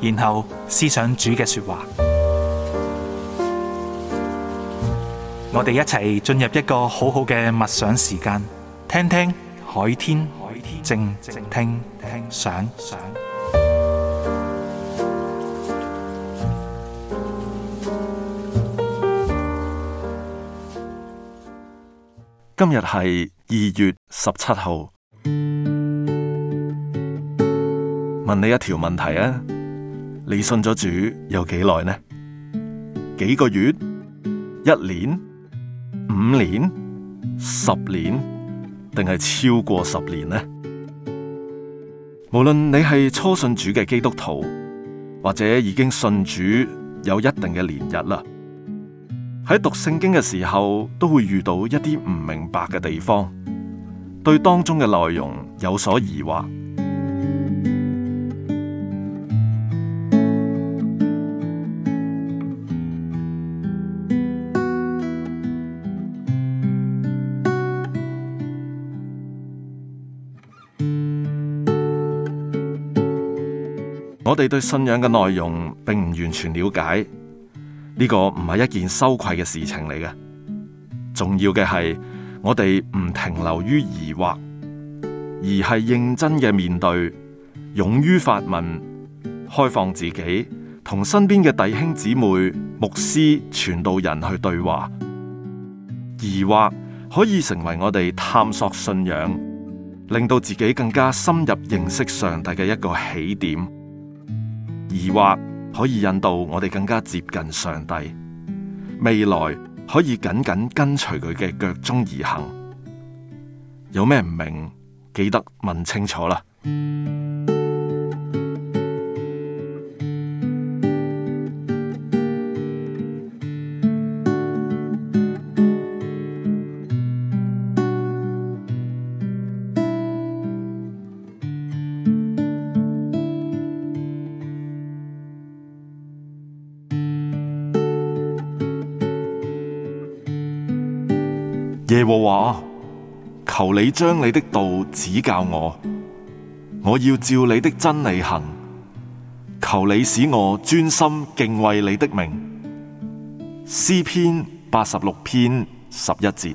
然後思想主嘅說話，嗯、我哋一齊進入一個好好嘅默想時間，聽聽海天靜聽想。今日係二月十七號，問你一條問題啊！你信咗主有幾耐呢？幾個月，一年、五年、十年，定係超過十年呢？無論你係初信主嘅基督徒，或者已經信主有一定嘅年日啦，喺讀聖經嘅時候都會遇到一啲唔明白嘅地方，對當中嘅內容有所疑惑。我哋對信仰嘅內容並唔完全了解，呢個唔係一件羞愧嘅事情嚟嘅。重要嘅係我哋唔停留於疑惑，而係認真嘅面對，勇於發問，開放自己，同身邊嘅弟兄姊妹、牧師、傳道人去對話。疑惑可以成為我哋探索信仰，令到自己更加深入認識上帝嘅一個起點。疑惑可以引導我哋更加接近上帝，未來可以緊緊跟隨佢嘅腳蹤而行。有咩唔明，記得問清楚啦。耶和華，求你將你的道指教我，我要照你的真理行。求你使我專心敬畏你的名。詩篇八十六篇十一節。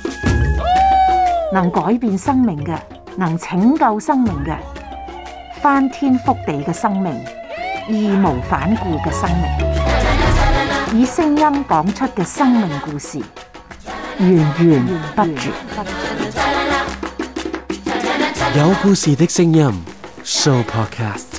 能改變生命嘅，能拯救生命嘅，翻天覆地嘅生命，義無反顧嘅生命，以聲音講出嘅生命故事，源源不絕。有故事的聲音 Show Podcast。